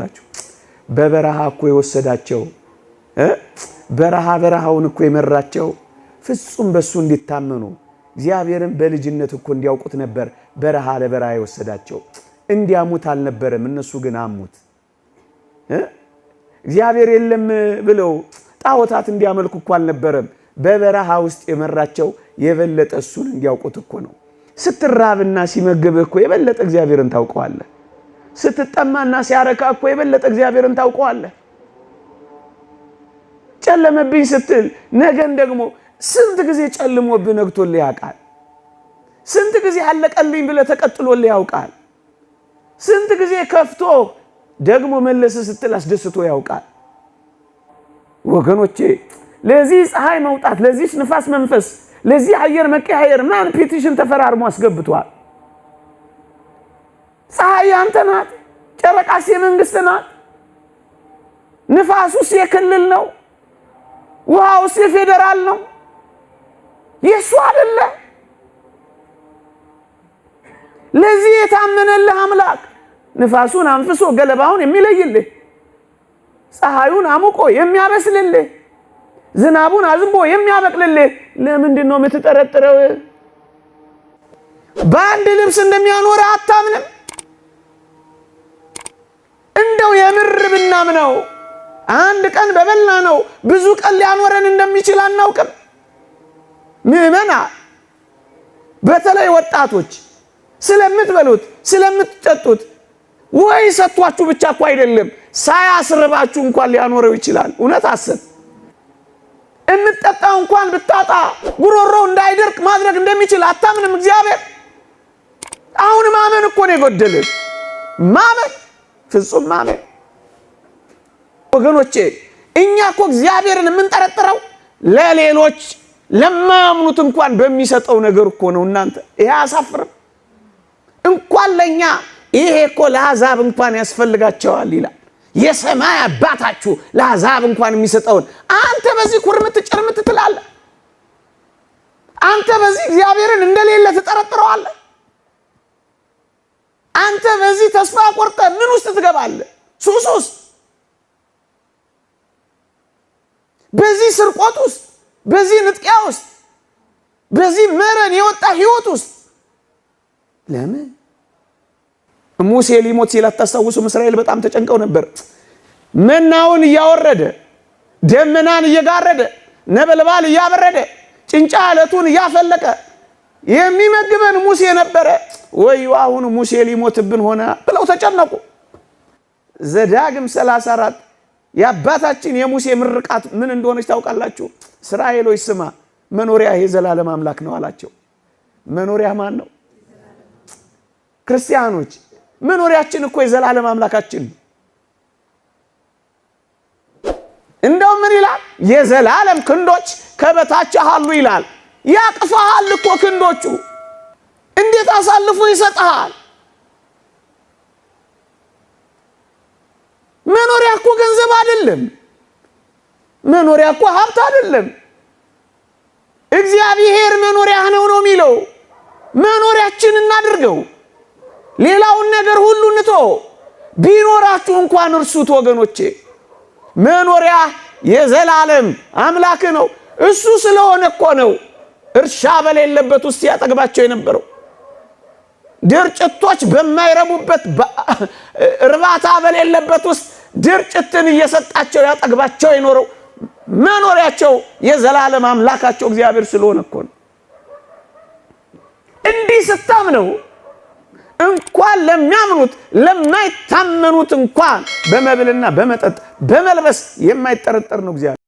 ላችሁ በበረሃ እኮ የወሰዳቸው በረሃ በረሃውን እኮ የመራቸው ፍጹም በሱ እንዲታመኑ እግዚአብሔርን በልጅነት እኮ እንዲያውቁት ነበር። በረሃ ለበረሃ የወሰዳቸው እንዲያሙት አልነበረም። እነሱ ግን አሙት። እግዚአብሔር የለም ብለው ጣዖታት እንዲያመልኩ እኮ አልነበረም። በበረሃ ውስጥ የመራቸው የበለጠ እሱን እንዲያውቁት እኮ ነው። ስትራብና ሲመግብህ እኮ የበለጠ እግዚአብሔርን ታውቀዋለህ። ስትጠማና ሲያረካ እኮ የበለጠ እግዚአብሔርን ታውቀዋለህ። ጨለመብኝ ስትል ነገን ደግሞ ስንት ጊዜ ጨልሞብህ ነግቶልህ ያውቃል? ስንት ጊዜ አለቀልኝ ብለህ ተቀጥሎልህ ያውቃል? ስንት ጊዜ ከፍቶ ደግሞ መለስ ስትል አስደስቶ ያውቃል? ወገኖቼ ለዚህ ፀሐይ መውጣት፣ ለዚህ ንፋስ መንፈስ፣ ለዚህ አየር መቀያየር ማን ፔቲሽን ተፈራርሞ አስገብቷል። ፀሐይ ያንተ ናት፣ ጨረቃስ የመንግስት ናት፣ ንፋሱስ የክልል ነው፣ ውሃውስ የፌዴራል ነው። የእሱ አደለ። ለዚህ የታመነልህ አምላክ ንፋሱን አንፍሶ ገለባውን የሚለይልህ፣ ፀሐዩን አሙቆ የሚያበስልልህ፣ ዝናቡን አዝንቦ የሚያበቅልልህ ለምንድን ነው የምትጠረጥረው? በአንድ ልብስ እንደሚያኖረ አታምንም? ነው አንድ ቀን በበላ ነው ብዙ ቀን ሊያኖረን እንደሚችል አናውቅም። ምዕመና፣ በተለይ ወጣቶች ስለምትበሉት ስለምትጠጡት ወይ ሰጥቷችሁ ብቻ እኮ አይደለም ሳያስርባችሁ እንኳን ሊያኖረው ይችላል። እውነት አስብ። የምትጠጣው እንኳን ብታጣ ጉሮሮ እንዳይደርቅ ማድረግ እንደሚችል አታምንም እግዚአብሔር። አሁን ማመን እኮ ነው የጎደልን። ማመን ፍጹም ማመን ወገኖቼ እኛ እኮ እግዚአብሔርን የምንጠረጥረው ለሌሎች ለማያምኑት እንኳን በሚሰጠው ነገር እኮ ነው። እናንተ ይሄ አያሳፍርም? እንኳን ለእኛ ይሄ እኮ ለአሕዛብ እንኳን ያስፈልጋቸዋል ይላል። የሰማይ አባታችሁ ለአሕዛብ እንኳን የሚሰጠውን አንተ በዚህ ኩርምት ጭርምት ትላለህ። አንተ በዚህ እግዚአብሔርን እንደሌለ ትጠረጥረዋለ አንተ በዚህ ተስፋ ቆርጠ ምን ውስጥ ትገባለህ? ሱስ ውስጥ በዚህ ስርቆት ውስጥ፣ በዚህ ንጥቂያ ውስጥ፣ በዚህ መረን የወጣ ህይወት ውስጥ ለምን ሙሴ ሊሞት ሲል አታስታውሱም? እስራኤል በጣም ተጨንቀው ነበር። መናውን እያወረደ ደመናን እየጋረደ ነበልባል እያበረደ ጭንጫ አለቱን እያፈለቀ የሚመግበን ሙሴ ነበረ ወይ አሁን ሙሴ ሊሞትብን ሆነ ብለው ተጨነቁ። ዘዳግም 34 የአባታችን የሙሴ ምርቃት ምን እንደሆነች ታውቃላችሁ? እስራኤሎች ስማ፣ መኖሪያ የዘላለም አምላክ ነው አላቸው። መኖሪያ ማን ነው? ክርስቲያኖች መኖሪያችን እኮ የዘላለም አምላካችን ነው። እንደው ምን ይላል? የዘላለም ክንዶች ከበታች አሉ ይላል። ያቅፋሃል እኮ ክንዶቹ። እንዴት አሳልፎ ይሰጥሃል? አይደለም። መኖሪያ እኮ ሀብት አይደለም። እግዚአብሔር መኖሪያህ ነው ነው የሚለው። መኖሪያችን እናድርገው። ሌላውን ነገር ሁሉ ንቶ ቢኖራችሁ እንኳን እርሱት ወገኖቼ። መኖሪያ የዘላለም አምላክ ነው። እሱ ስለሆነ እኮ ነው እርሻ በሌለበት ውስጥ ያጠግባቸው የነበረው ድርጭቶች በማይረቡበት እርባታ በሌለበት ውስጥ ድርጭትን እየሰጣቸው ያጠግባቸው የኖረው መኖሪያቸው የዘላለም አምላካቸው እግዚአብሔር ስለሆነ እኮ ነው። እንዲህ ስታምነው እንኳን ለሚያምኑት ለማይታመኑት እንኳን በመብልና በመጠጥ በመልበስ የማይጠረጠር ነው እግዚአብሔር።